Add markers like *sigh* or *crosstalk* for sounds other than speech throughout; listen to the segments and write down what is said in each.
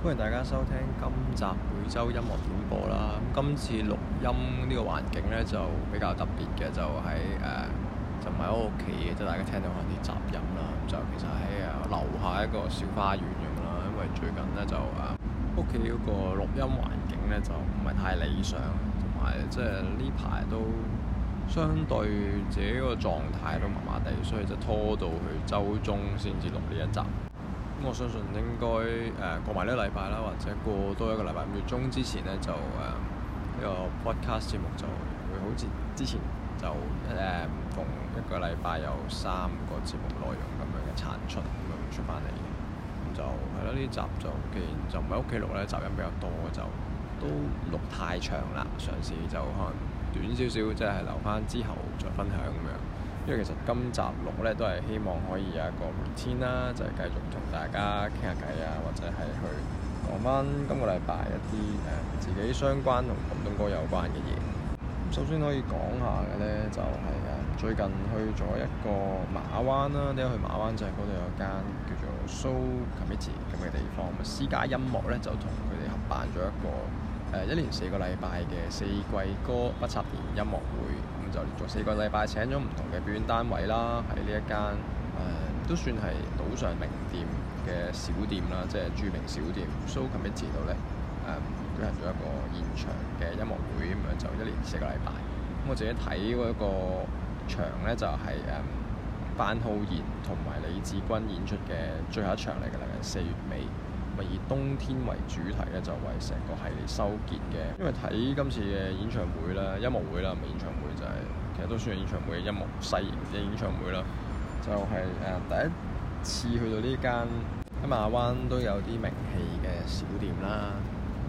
歡迎大家收聽今集每週音樂點播啦！咁今次錄音呢個環境呢就比較特別嘅，就喺誒、呃，就唔係我屋企嘅，即大家聽到有啲雜音啦。咁就其實喺啊樓下一個小花園咁啦，因為最近呢，就啊屋企個錄音環境呢就唔係太理想，同埋即係呢排都相對自己個狀態都麻麻地，所以就拖到去週中先至錄呢一集。我相信應該誒、呃、過埋呢個禮拜啦，或者過多一個禮拜五月中之前咧就誒呢、呃這個 podcast 節目就會好似之前就誒、呃、逢一個禮拜有三個節目內容咁樣嘅產出咁樣出翻嚟。嘅、嗯、咁就係咯，呢、嗯、集就既然就唔喺屋企錄咧，雜音比較多，就都錄太長啦。嘗試就可能短少少，即、就、係、是、留翻之後再分享咁樣。嗯所以其實今集錄咧都係希望可以有一個明天啦，就係、是、繼續同大家傾下偈啊，或者係去講翻今個禮拜一啲誒自己相關同廣東歌有關嘅嘢。首先可以講下嘅咧，就係、是、誒最近去咗一個馬灣啦，點解去馬灣就係嗰度有間叫做 Show Committee 咁嘅地方，咁啊私家音樂咧就同佢哋合辦咗一個誒一年四個禮拜嘅四季歌不插電音樂會。就連續四個禮拜請咗唔同嘅表演單位啦，喺呢一間誒、呃、都算係島上名店嘅小店啦，即係著名小店。蘇秦冰知道咧誒，都係做一個現場嘅音樂會咁樣，就一連四個禮拜。咁我自己睇嗰一個場咧，就係誒范浩賢同埋李芷君演出嘅最後一場嚟㗎啦，四月尾。以冬天為主題咧，就為成個系列收結嘅。因為睇今次嘅演唱會啦、音樂會啦，唔係演唱會，就係、是、其實都算係演唱會嘅音樂細型嘅演唱會啦。就係、是、誒第一次去到呢間喺馬灣都有啲名氣嘅小店啦，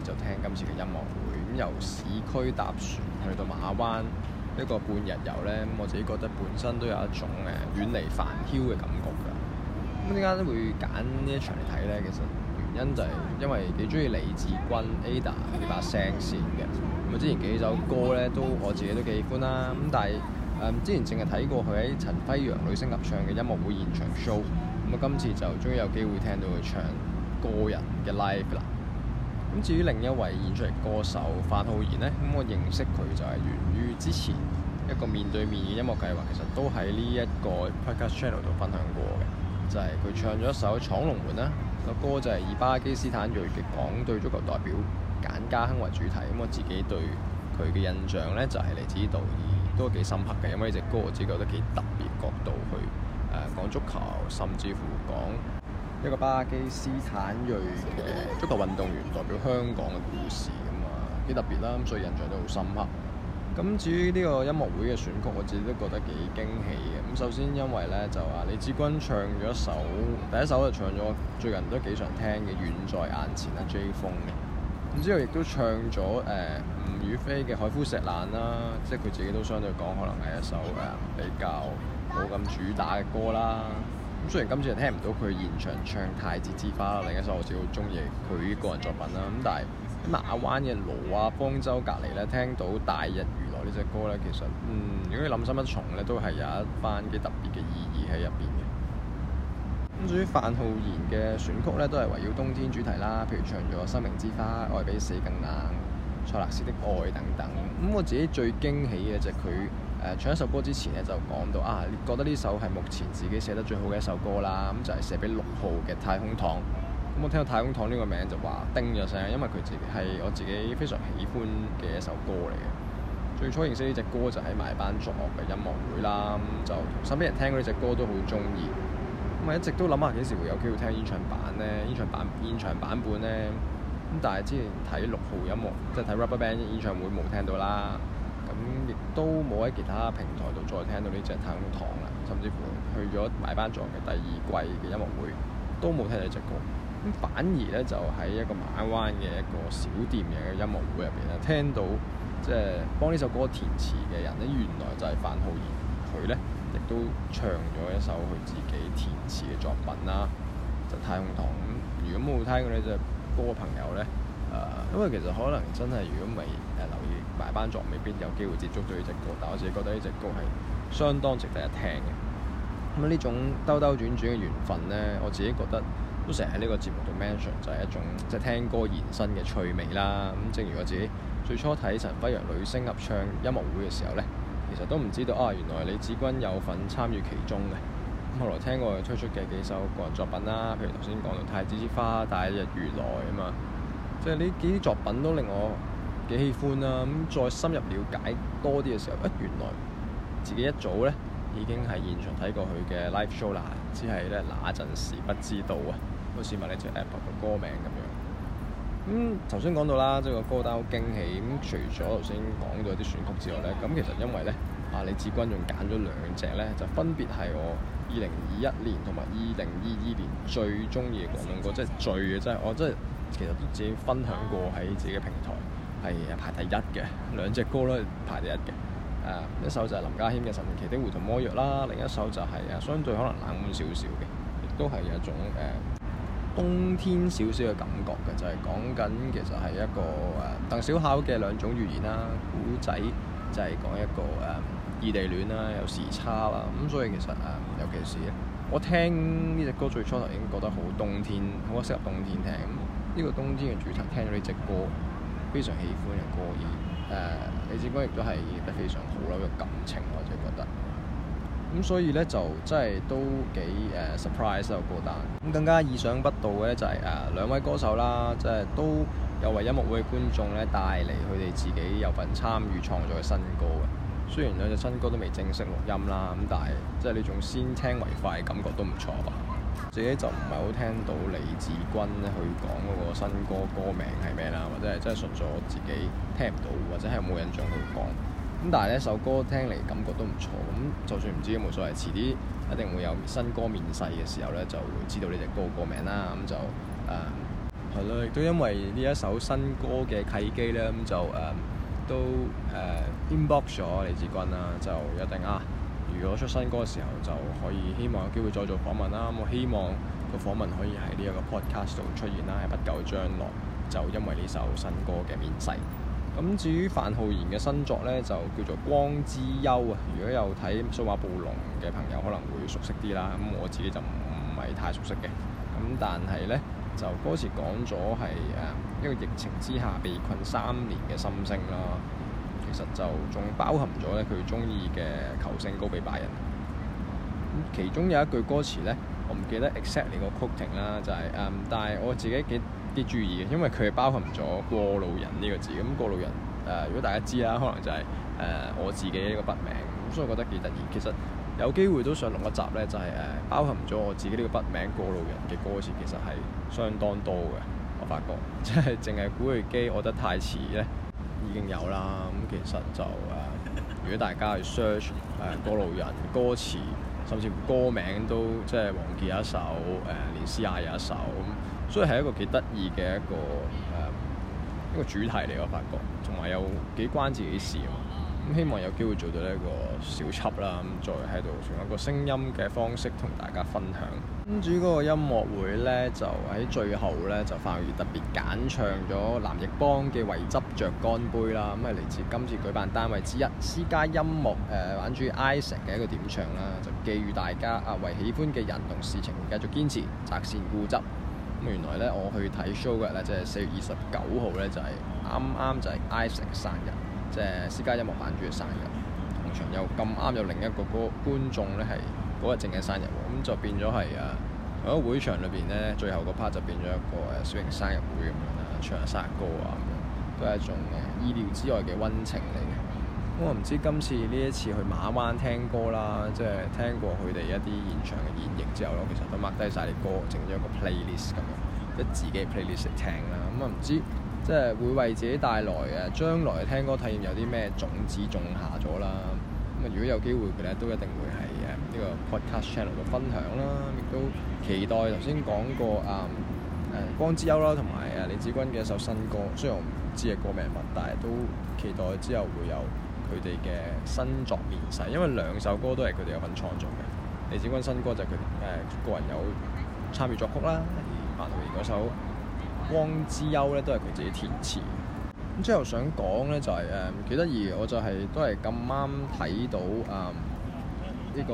就聽今次嘅音樂會。咁由市區搭船去到馬灣一個半日遊咧，我自己覺得本身都有一種誒遠離煩囂嘅感覺㗎。咁點解都會揀呢一場嚟睇咧？其實～因就係因為幾中意李芷君 Ada 呢把聲線嘅，咁啊之前幾首歌咧都我自己都幾喜歡啦，咁但係誒、嗯、之前淨係睇過佢喺陳輝陽女星合唱嘅音樂會現場 show，咁、嗯、啊今次就終於有機會聽到佢唱個人嘅 live 啦。咁、嗯、至於另一位演出嚟歌手范浩賢咧，咁、嗯、我認識佢就係源於之前一個面對面嘅音樂計劃，其實都喺呢一個 Podcast Channel 度分享過嘅，就係、是、佢唱咗一首《闖龍門》啦。個歌就係以巴基斯坦裔嘅港隊足球代表簡家亨為主題，咁我自己對佢嘅印象呢，就係嚟自呢度，亦都幾深刻嘅。因為呢隻歌，我自己覺得幾特別角度去誒、呃、講足球，甚至乎講一個巴基斯坦裔嘅足球運動員代表香港嘅故事咁啊嘛，幾、嗯、特別啦，咁所以印象都好深刻。咁至於呢個音樂會嘅選曲，我自己都覺得幾驚喜嘅。咁首先因為咧就啊、話、李芷君唱咗一首，第一首就唱咗最近都幾常聽嘅《遠在眼前》啦 Jay Fung 嘅。咁之後亦都唱咗誒、呃、吳雨霏嘅《海枯石爛》啦，即係佢自己都相對講可能係一首誒比較冇咁主打嘅歌啦。咁雖然今次係聽唔到佢現場唱《太子之花》啦，另一首我自己好中意佢個人作品啦。咁但係喺馬灣嘅挪亞方舟隔離咧聽到大日。呢隻歌呢，其實嗯，如果你諗深一重呢，都係有一番幾特別嘅意義喺入邊嘅。咁至於范浩賢嘅選曲呢，都係圍繞冬天主題啦，譬如唱咗《生命之花》、《愛比死更冷》、《塞勒斯的愛》等等。咁我自己最驚喜嘅就係佢、呃、唱一首歌之前呢，就講到啊，你覺得呢首係目前自己寫得最好嘅一首歌啦。咁就係寫俾六號嘅《太空糖》。咁我聽到《太空糖》呢個名就話叮咗聲，因為佢自係我自己非常喜歡嘅一首歌嚟嘅。最初認識呢隻歌就喺埋班作樂嘅音樂會啦，咁就身邊人聽過呢隻歌都好中意，咁啊一直都諗下幾時會有機會聽演唱版咧？演唱版演唱版本咧，咁但係之前睇六號音樂即係睇 Rubberband 演唱會冇聽到啦，咁亦都冇喺其他平台度再聽到呢隻《太空糖》啦，甚至乎去咗埋班作嘅第二季嘅音樂會都冇聽到呢隻歌，咁反而咧就喺一個馬灣嘅一個小店嘅音樂會入邊咧聽到。即係幫呢首歌填詞嘅人咧，原來就係范浩賢。佢咧亦都唱咗一首佢自己填詞嘅作品啦，就堂《就太紅糖》。咁如果冇聽過呢隻歌朋友咧，誒、呃，因為其實可能真係如果未誒、呃、留意埋班作，未必有機會接觸到呢隻歌。但我自己覺得呢隻歌係相當值得一聽嘅。咁呢種兜兜轉轉嘅緣分咧，我自己覺得都成日喺呢個節目度 mention，就係一種即係、就是、聽歌延伸嘅趣味啦。咁正如我自己。最初睇陳輝陽女聲合唱音樂會嘅時候咧，其實都唔知道啊，原來李子君有份參與其中嘅。後來聽過佢推出嘅幾首個人作品啦，譬如頭先講到《太子之花》、《大日如來》啊嘛，即係呢幾啲作品都令我幾喜歡啊，咁再深入了解多啲嘅時候，啊，原來自己一早咧已經係現場睇過佢嘅 live show 啦、啊，只係咧那陣時不知道啊。我試問你，將 apple 嘅歌名咁樣。咁頭先講到啦，即、這、係個歌單好驚喜。咁、嗯、除咗頭先講到啲選曲之外咧，咁、嗯、其實因為咧啊，李芷君仲揀咗兩隻咧，就分別係我二零二一年同埋二零二二年最鍾意嘅廣東歌，即係最嘅，即係我即係其實自己分享過喺自己嘅平台係排第一嘅兩隻歌咧，排第一嘅。誒、啊，一首就係林家謙嘅《神奇的糊塗魔藥》啦，另一首就係誒相對可能冷門少少嘅，亦都係一種誒。啊冬天少少嘅感覺嘅就係講緊，其實係一個誒鄧小巧嘅兩種語言啦，古仔就係講一個誒異、嗯、地戀啦，有時差啦，咁所以其實誒、嗯、尤其是我聽呢隻歌最初頭已經覺得好冬天，好適合冬天聽咁呢、這個冬天嘅主題聽咗呢隻歌，非常喜歡嘅歌，而誒李芷君亦都係演得非常好啦，嘅、那個、感情。咁所以咧就真係都幾誒、uh, surprise 個歌單，咁更加意想不到嘅咧就係、是、誒、啊、兩位歌手啦，即、就、係、是、都有為音樂會嘅觀眾咧帶嚟佢哋自己有份參與創作嘅新歌嘅。雖然兩隻新歌都未正式錄音啦，咁但係即係呢種先聽為快，感覺都唔錯吧？自己就唔係好聽到李芷君去講嗰個新歌歌名係咩啦，或者係真係純粹我自己聽唔到，或者係冇印象去講。咁但係呢首歌聽嚟感覺都唔錯，咁就算唔知有冇所謂，遲啲一定會有新歌面世嘅時候呢，就會知道呢隻歌嘅名啦。咁就誒係咯，亦都因為呢一首新歌嘅契機呢，咁就誒、uh, 都誒 inbox 咗李芷君啦，就一定啊！如果出新歌嘅時候，就可以希望有機會再做訪問啦。咁我希望個訪問可以喺呢一個 podcast 度出現啦，喺不久將來就因為呢首新歌嘅面世。咁至於范浩賢嘅新作呢，就叫做《光之丘》。啊！如果有睇《數碼暴龍》嘅朋友，可能會熟悉啲啦。咁我自己就唔係太熟悉嘅。咁但係呢，就歌詞講咗係誒一個疫情之下被困三年嘅心聲啦。其實就仲包含咗咧佢中意嘅球星高比拜仁。其中有一句歌詞呢，我唔記得 exactly 你個 quote 啦，就、嗯、係但係我自己見，啲注意嘅，因為佢係包含咗過路人呢、這個字，咁過路人誒、呃、如果大家知啦，可能就係、是、誒、呃、我自己呢個筆名，咁所以我覺得幾得意。其實有機會都想錄一集咧，就係、是、誒、呃、包含咗我自己呢個筆名過路人嘅歌詞其實係相當多嘅。我發覺即係淨係古巨基，我覺得太遲咧已經有啦。咁其實就誒、呃、如果大家去 search 誒、呃、過路人歌詞甚至乎歌名都即係王傑一首，誒、呃、連詩雅有一首。所以係一個幾得意嘅一個誒、嗯、一個主題嚟，我發覺，同埋有幾關自己事啊咁、嗯。希望有機會做到呢一個小輯啦，咁再喺度用一個聲音嘅方式同大家分享。跟住嗰個音樂會呢，就喺最後呢，就反而特別揀唱咗藍奕邦嘅《為執着乾杯》啦。咁係嚟自今次舉辦單位之一私家音樂誒、呃，玩住 i 城嘅一個點唱啦，就寄予大家啊，為喜歡嘅人同事情繼續堅持，擇善固執。咁原來咧，我去睇 show 日咧，即係四月二十九號咧，就係啱啱就係 Ice 生日，即係私家音樂版主嘅生日。同場又咁啱有另一個歌觀眾咧，係嗰日正嘅生日喎。咁就變咗係啊，同喺會場裏邊咧，最後個 part 就變咗一個誒小型生日會咁樣啦，唱生日歌啊咁樣都係一種誒意料之外嘅溫情嚟嘅。我唔知今次呢一次去馬灣聽歌啦，即係聽過佢哋一啲現場嘅演繹之後咯，其實都 mark 低晒啲歌，整咗個 playlist 咁，即係自己 playlist 嚟聽啦。咁啊唔知即係會為自己帶來誒將來聽歌體驗有啲咩種子種下咗啦。咁啊，如果有機會嘅咧，都一定會喺誒呢個 podcast channel 度分享啦。亦都期待頭先講過誒、嗯、光之優啦，同埋誒李芷君嘅一首新歌。雖然我唔知係歌名物，但係都期待之後會有。佢哋嘅新作面世，因為兩首歌都係佢哋有份創作嘅。李芷君新歌就係佢誒個人有參與作曲啦，而范浩賢嗰首《光之丘》咧都係佢自己填詞。咁之後想講咧就係誒幾得意我就係、是、都係咁啱睇到啊呢、呃這個誒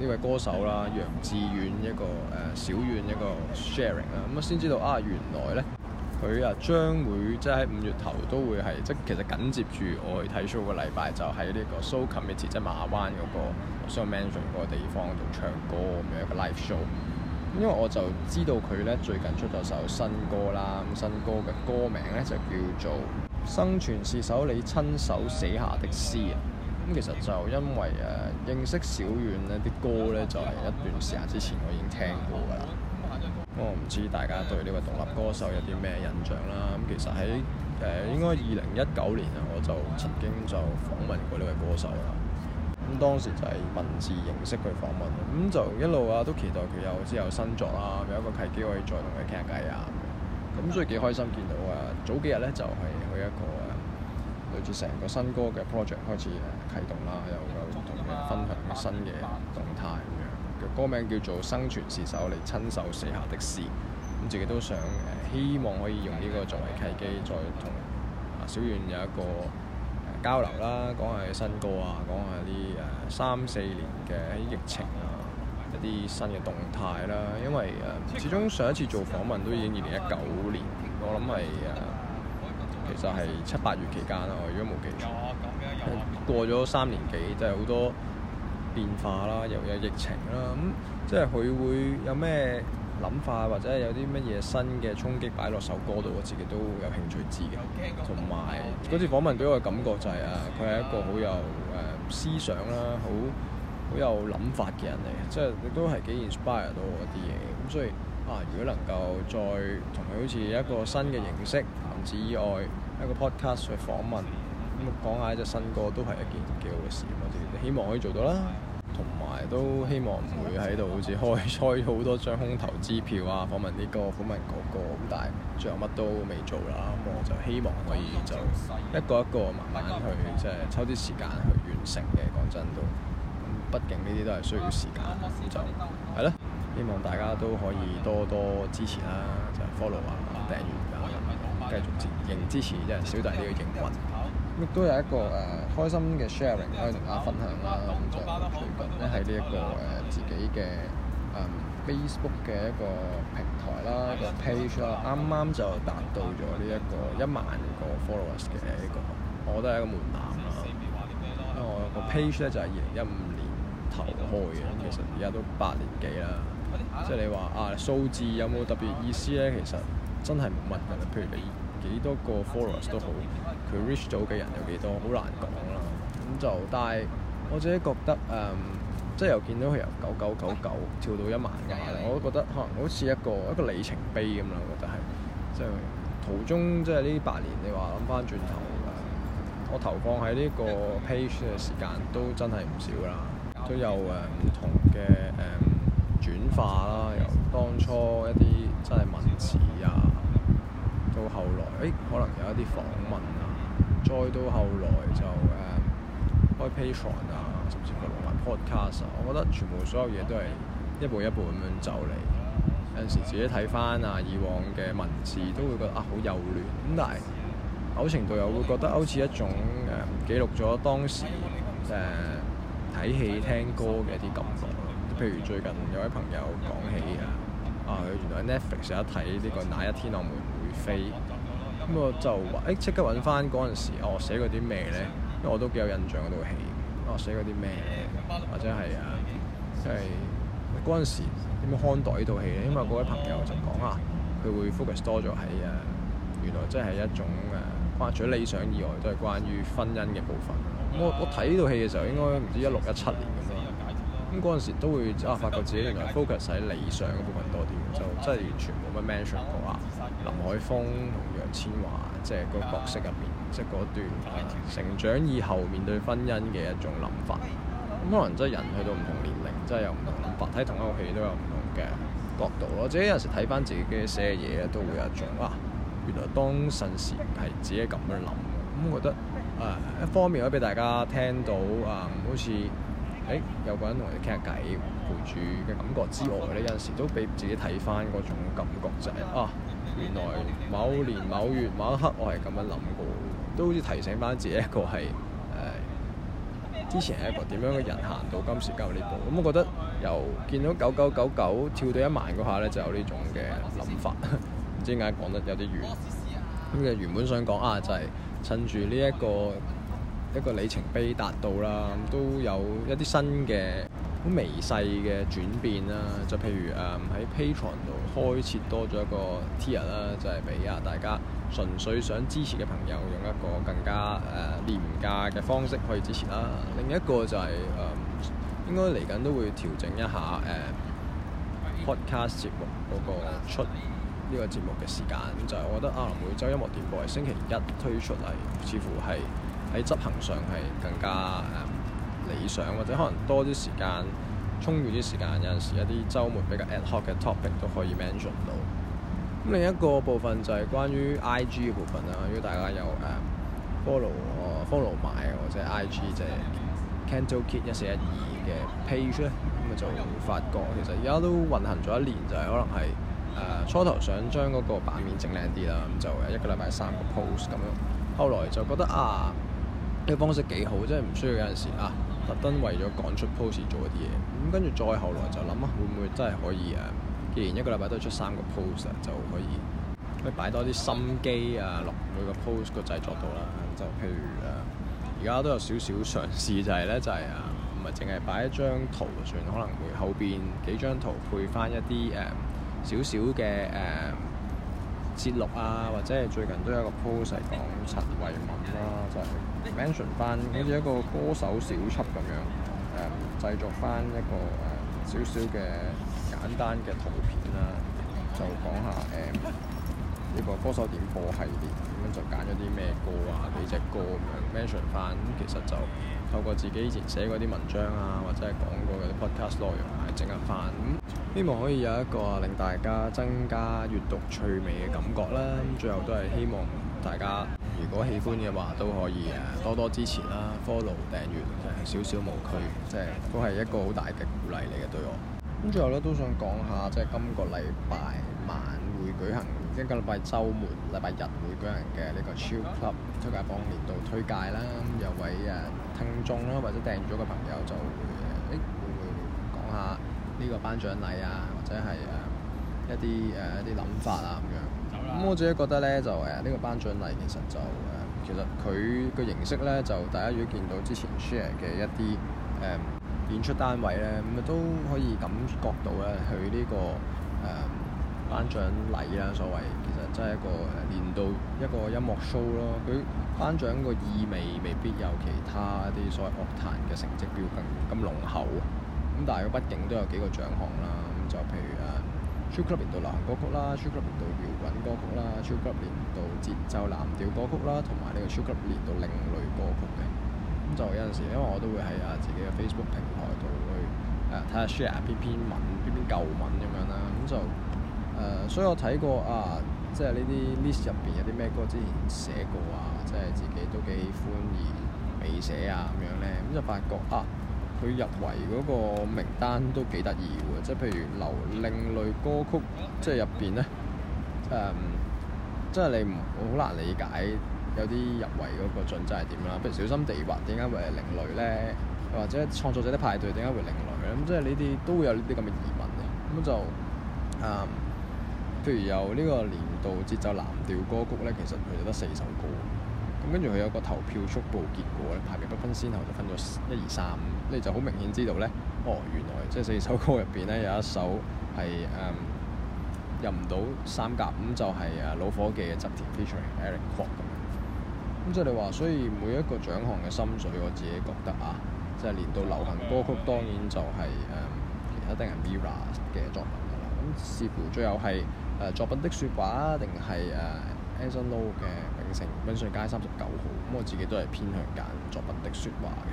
呢位歌手啦，楊智遠一個誒、呃、小遠一個 sharing 啦、啊，咁啊先知道啊原來咧。佢啊將會即係五月頭都會係即係其實緊接住我去睇 show 禮、就是、個禮拜就喺呢個 So Convenient 馬灣嗰個 So m a n t i o n 嗰個地方度唱歌，咁樣一個 live show，因為我就知道佢呢最近出咗首新歌啦，咁新歌嘅歌名呢就叫做《生存是首你親手寫下的詩》啊，咁其實就因為誒認識小遠呢啲歌呢就係一段時間之前我已經聽過㗎喇。我唔知大家對呢位獨立歌手有啲咩印象啦。咁其實喺誒、呃、應該二零一九年啊，我就曾經就訪問過呢位歌手啦。咁、嗯、當時就係文字形式去訪問，咁、嗯、就一路啊都期待佢有之後新作啦、啊，有一個契機可以再同佢傾下偈啊。咁、嗯、所以幾開心見到啊，早幾日咧就係、是、佢一個、啊、類似成個新歌嘅 project 開始啟動啦、啊，又有同佢分享新嘅動態。嘅歌名叫做《生存是首你親手寫下的詩》。咁自己都想誒、啊，希望可以用呢個作為契機，再同小遠有一個、啊、交流啦、啊。講下新歌啊，講下啲誒、啊、三四年嘅疫情啊，一啲新嘅動態啦、啊。因為誒、啊，始終上一次做訪問都已經二零一九年，我諗係、啊、其實係七八月期間我如果冇記錯。有、啊、過咗三年幾，真係好多變化啦，又有疫情啦，咁、嗯、即係佢會有咩諗法，或者有啲乜嘢新嘅衝擊擺落首歌度，我自己都有興趣知嘅。同埋嗰次訪問俾我嘅感覺就係、是、啊，佢係一個好有誒、嗯、思想啦，好好有諗法嘅人嚟嘅，即係亦都係幾 inspire 到我啲嘢。咁、嗯、所以啊，如果能夠再同佢好似一個新嘅形式，文字以外一個 podcast 去訪問，咁、嗯、講一下呢隻新歌都係一件幾好嘅事。嗯、我哋希望可以做到啦。同埋都希望唔會喺度好似開開咗好多張空頭支票啊，訪問呢、這個，訪問嗰、那、咁、個、但係最後乜都未做啦。我就希望可以就一個一個慢慢去，即、就、係、是、抽啲時間去完成嘅。講真都，畢竟呢啲都係需要時間。就係啦，希望大家都可以多多支持啦，就是、follow 啊，訂閱啊，繼續認支持，即係小弟呢個營運。亦都有一個誒、呃、開心嘅 sharing，可、啊、以同大家分享啦，咁、啊嗯、就同取別。喺呢一個誒自己嘅誒、嗯、Facebook 嘅一個平台啦，的個 page 啦，啱啱就達到咗呢一個一萬個 followers 嘅一、這個，嗯、我覺得係一個門檻啦。啊、因為我個 page 咧就係二零一五年頭開嘅，咁、嗯、其實而家都八年幾啦。即係你話啊數字有冇特別意思咧？其實真係冇乜嘅。譬如你。幾多個 followers 都好，佢 reach 咗嘅人有幾多，好難講啦。咁就，但係我自己覺得，誒、嗯，即係又見到佢由九九九九跳到一萬嘅，我都覺得可能好似一個一個里程碑咁啦。我覺得係，即係途中即係呢八年，你話諗翻轉頭、嗯，我投放喺呢個 page 嘅時間都真係唔少啦，都有誒唔、嗯、同嘅誒、嗯、轉化啦，由當初一啲真係文字啊。到後來，誒可能有一啲訪問啊，再到後來就誒、嗯、開 Patreon 啊，甚至乎能埋 podcast 啊。我覺得全部所有嘢都係一步一步咁樣走嚟。有陣時自己睇翻啊，以往嘅文字都會覺得啊好幼嫩咁，但係某程度又會覺得好似一種誒、嗯、記錄咗當時誒睇、嗯、戲聽歌嘅一啲感覺。譬如最近有位朋友講起啊，啊原來 Netflix 有睇呢、這個《那一天我們》飛咁我就誒即刻揾翻嗰陣時，我、哦、寫過啲咩咧？因為我都幾有印象嗰套戲。我、哦、寫過啲咩，或者係啊，即係嗰陣時點樣看待呢套戲咧？因為嗰位朋友就講啊，佢會 focus 多咗喺誒，原來即係一種誒、啊，除咗理想以外都係關於婚姻嘅部分。咁我我睇呢套戲嘅時候，應該唔知一六一七年。咁嗰陣時都會啊，發覺自己原來 focus 喺理想嗰部分多啲，就真係完全冇乜 mention 過啊。林海峰同楊千嬅即係個角色入面，即係嗰段、啊、成長以後面對婚姻嘅一種諗法。咁、啊、可能真係人去到唔同年齡，真係有唔同諗法。睇同一個戲都有唔同嘅角度咯。即係有時睇翻自己寫嘅嘢都會有一種啊，原來當陣時係自己咁樣諗。咁覺得誒、啊，一方面可以俾大家聽到啊，好似～誒、欸、有個人同我哋傾下偈，陪住嘅感覺之外呢，呢有陣時都俾自己睇翻嗰種感覺就係、是、啊，原來某年某月某一刻我係咁樣諗過，都好似提醒翻自己一個係誒、呃、之前係一個點樣嘅人行到今時今日呢步。咁我覺得由見到九九九九跳到一萬嗰下咧，就有呢種嘅諗法。唔知點解講得有啲遠。咁就原本想講啊，就係、是、趁住呢一個。一個里程碑達到啦，都有一啲新嘅好微細嘅轉變啦。就譬如誒喺 Patreon 度開設多咗一個 Tier 啦，就係俾啊大家純粹想支持嘅朋友用一個更加誒、呃、廉價嘅方式可以支持啦。另一個就係、是、誒、呃、應該嚟緊都會調整一下誒、呃、Podcast 節目嗰、那個出呢個節目嘅時間，就係我覺得啊，每週音樂點播係星期一推出嚟，似乎係。喺執行上係更加誒、嗯、理想，或者可能多啲時間充裕啲時間，有陣時一啲週末比較 ad hoc 嘅 topic 都可以 mention 到。咁另一個部分就係關於 I G 嘅部分啦。如果大家有誒、嗯、follow 誒 follow 埋或者 I G 即係 Canto Kid 一四一二嘅 page 咧，咁就會發覺其實而家都運行咗一年，就係、是、可能係誒、呃、初頭想將嗰個版面整靚啲啦，咁就一個禮拜三個 post 咁樣，後來就覺得啊～呢個方式幾好，即係唔需要有陣時啊，特登為咗趕出 post 做一啲嘢。咁跟住再後來就諗啊，會唔會真係可以誒？既然一個禮拜都出三個 post，s, 就可以可以擺多啲心機啊，落每個 post 個製作度啦、啊。就譬如誒，而、啊、家都有少少嘗試，就係、是、咧，就係、是、啊，唔係淨係擺一張圖算，算可能會後邊幾張圖配返一啲誒少少嘅誒。啊小小節錄啊，或者係最近都有一個 post 係講陳慧敏啦，就係、是、mention 翻好似一個歌手小輯咁樣，誒、嗯、製作翻一個誒少少嘅簡單嘅圖片啦、啊，就講下誒呢、嗯這個歌手點播系列，咁樣就揀咗啲咩歌啊，幾隻歌咁樣 mention 翻，其實就透過自己以前寫嗰啲文章啊，或者係講過嘅啲 podcast 內容、啊。整希望可以有一個令大家增加閱讀趣味嘅感覺啦。最後都係希望大家如果喜歡嘅話，都可以誒多多支持啦，follow 訂閱少少無區，即係都係一個好大嘅鼓勵嚟嘅對我。咁最後咧都想講下，即係今個禮拜晚會舉行，今個禮拜週末禮拜日會舉行嘅呢個 Chill Club 推介榜年度推介啦。有位誒聽眾啦，或者訂咗嘅朋友就會誒、欸、會，會講下。呢個頒獎禮啊，或者係誒、啊、一啲誒、啊、一啲諗法啊咁樣，咁、嗯、我自己覺得咧就誒呢、啊這個頒獎禮其實就誒、啊，其實佢個形式咧就大家如果見到之前 share 嘅一啲誒、啊、演出單位咧，咁啊都可以感覺到咧佢呢、這個誒頒獎禮啦，所謂其實真係一個年度一個音樂 show 咯，佢頒獎個意味未必有其他啲所謂樂壇嘅成績標準咁濃厚。咁但係佢畢竟都有幾個獎項啦，咁就譬如啊，Chill Club 年度流行歌曲啦，Chill Club 年度搖滾歌曲啦，Chill Club 年度節奏藍調歌曲啦，同埋呢個 Chill Club 年度另類歌曲嘅。咁就有陣時，因為我都會喺啊自己嘅 Facebook 平台度去誒睇下 share 邊篇文、邊、呃、篇舊文咁樣啦，咁就誒、呃，所以我睇過啊，即係呢啲 list 入邊有啲咩歌之前寫過啊，即、就、係、是、自己都幾喜歡而未寫啊咁樣咧，咁就發覺啊～佢入圍嗰個名單都幾得意喎，即係譬如留另類歌曲，即係入邊咧，誒、嗯，即係你唔好難理解有啲入圍嗰個準則係點啦。譬如小心地滑，點解會係另類咧？或者創作者啲派對點解會另類咧？咁即係呢啲都會有呢啲咁嘅疑問嘅。咁就誒、嗯，譬如有呢個年度節奏藍調歌曲咧，其實佢得四首歌。咁跟住佢有個投票速報結果咧，排名不分先後就分咗一、二、三，你就好明顯知道咧，哦，原來即係四首歌入邊咧有一首係誒、嗯、入唔到三甲，咁就係、是、誒老伙計嘅側田、f e a t u r i n g Eric Ford） 咁、嗯。咁即係你話，所以每一個獎項嘅心水，我自己覺得啊，即係年度流行歌曲，當然就係、是嗯、其他定係 MIRROR 嘅作品啦。咁、嗯、視、嗯、乎最後係誒作品的説話，定係誒 Anson Lo 嘅。呃 As 永順街三十九號，咁我自己都係偏向揀作品的説話嘅。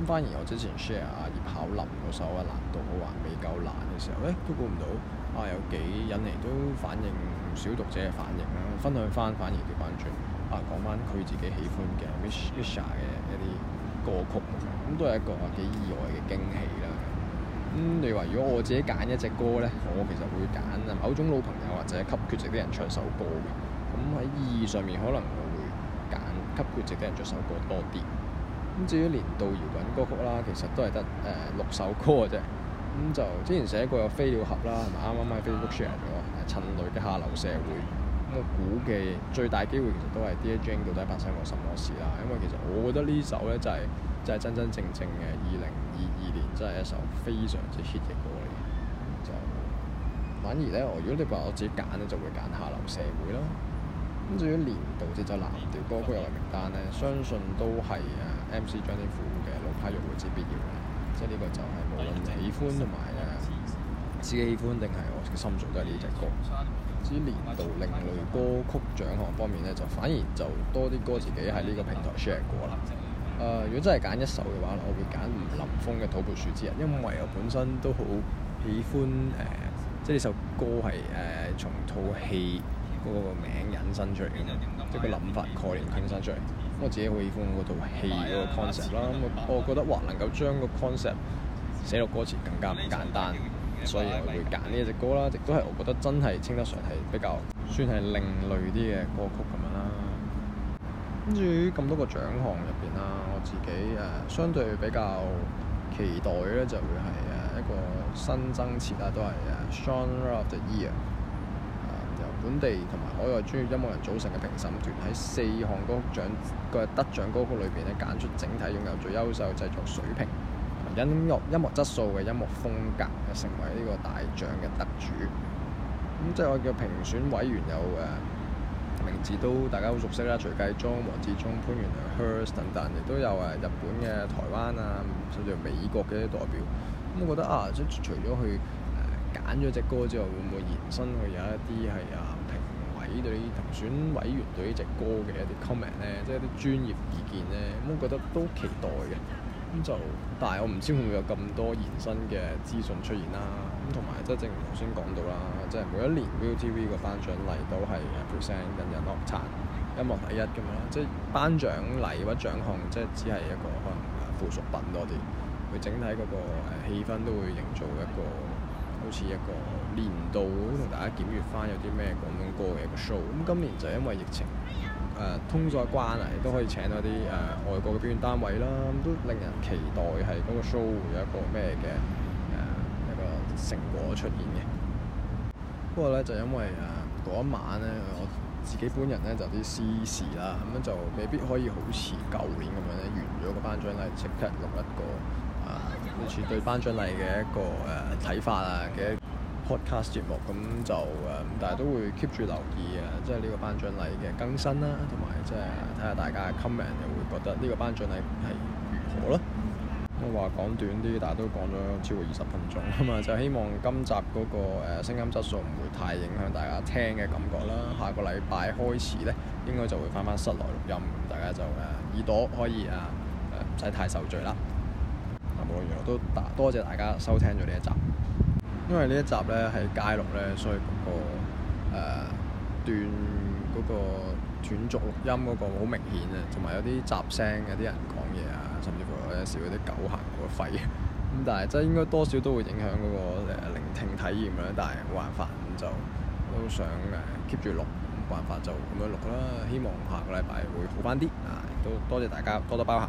咁反而我之前 share 阿、啊、葉巧琳嗰首啊難度我還未夠難嘅時候咧、欸，都估唔到啊有幾引嚟都反映唔少讀者嘅反應啦、啊。分享翻反而叫關注，啊講翻佢自己喜歡嘅 Misha 嘅一啲歌曲，咁、啊、都係一個幾意外嘅驚喜啦。咁、嗯、你話如果我自己揀一隻歌咧，我其實會揀某種老朋友或者係吸血值啲人唱首歌嘅。咁喺意義上面，可能我會揀給估值啲人着手過多啲。咁至於年度搖滾歌曲啦，其實都係得誒六首歌嘅啫。咁、嗯、就之前寫過有《飛鳥俠》啦，係咪啱 *laughs* 啱喺 Facebook share 咗？陳蕾嘅《下流社會》。咁 *laughs* 我估計最大機會其實都係 DJ 到底發生過什麼事啦。因為其實我覺得呢首咧就係、是、就係、是、真真正正嘅二零二二年，真係一首非常之 hit 嘅歌嚟。嘅。就反而咧，我如果你話我自己揀咧，就會揀《下流社會》啦。咁至於年度節奏藍調歌曲有嘅名單咧，相信都係啊 M C 張天賦嘅《老派約會之必要》嘅，即係呢個就係無論喜歡同埋啊自己喜歡定係我嘅心水都係呢隻歌。至於年度另類歌曲獎項方面咧，就反而就多啲歌自己喺呢個平台 share 過啦。誒、呃，如果真係揀一首嘅話，我會揀吳林峰嘅《土撥鼠之日》，因為我本身都好喜歡誒、呃，即係呢首歌係誒從套戲。嗰個名引申出嚟，即係個諗法概念傾生出嚟。我自己好喜歡套戲嗰個 concept 啦，咁我覺得哇，能夠將個 concept 寫落歌詞更加唔簡單，所以我會揀呢一隻歌啦。亦都係我覺得真係稱得上係比較算係另類啲嘅歌曲咁樣啦。跟住咁多個獎項入邊啦，我自己誒相對比較期待咧，就係誒一個新增設啊，都係誒 Short of the Year。本地同埋海外專業音樂人組成嘅評審團喺四項歌獎嘅得獎歌曲裏邊咧，揀出整體擁有最優秀製作水平、音樂音樂質素嘅音樂風格，成為呢個大獎嘅得主。咁即係我叫評選委員有誒名字都大家好熟悉啦，徐繼宗、黃志淙、潘源良、Hurst 等等，亦都有誒日本嘅、台灣啊，甚至美國嘅一啲代表。咁我覺得啊，即除咗去。揀咗隻歌之後，會唔會延伸去有一啲係啊評委對同選委員對呢隻歌嘅一啲 comment 咧，即係啲專業意見咧，咁我覺得都期待嘅。咁就，但係我唔知會唔會有咁多延伸嘅資訊出現啦。咁同埋即係正如頭先講到啦，即係每一年 ViuTV 個頒獎禮都係 percent 人人樂壇音樂第一咁樣，即係頒獎禮或者獎項，即係只係一個可能附屬品多啲。佢整體嗰個氣氛都會營造一個，好似一個年度，同大家檢閲翻有啲咩廣東歌嘅一個 show。咁、嗯、今年就因為疫情，呃、通咗關係都可以請到啲誒、呃、外國嘅表演單位啦，都令人期待係嗰個 show 會有一個咩嘅、呃、成果出現嘅。 *laughs* 不過呢，就因為誒嗰、呃、一晚呢，我自己本人呢，就啲私事啦，咁、嗯、樣就未必可以好似舊年咁樣咧完咗個頒獎禮即刻錄一個。好似對頒獎禮嘅一個誒睇、呃、法啊嘅一 podcast 節目咁就誒、呃，但係都會 keep 住留意啊，即係呢個頒獎禮嘅更新啦，同埋即係睇下大家嘅 comment 又會覺得呢個頒獎禮係如何咯。我話講短啲，但係都講咗超過二十分鐘啊嘛，就希望今集嗰、那個誒、呃、聲音質素唔會太影響大家聽嘅感覺啦、啊。下個禮拜開始咧，應該就會翻翻室內錄音，啊、大家就誒、呃、耳朵可以啊誒唔使太受罪啦。都多謝大家收聽咗呢一集。因為呢一集咧係街錄咧，所以嗰、嗰個段、斷、呃、嗰、嗰個斷續錄音嗰個好明顯啊，同埋有啲雜聲，有啲人講嘢啊，甚至乎有時有啲狗行過吠。咁、嗰個、但係真係應該多少都會影響嗰個聆聽體驗啦。但係冇辦法，咁就都想誒 keep 住錄，冇辦法就咁樣錄啦。希望下個禮拜會好翻啲啊！都多謝大家多多包涵。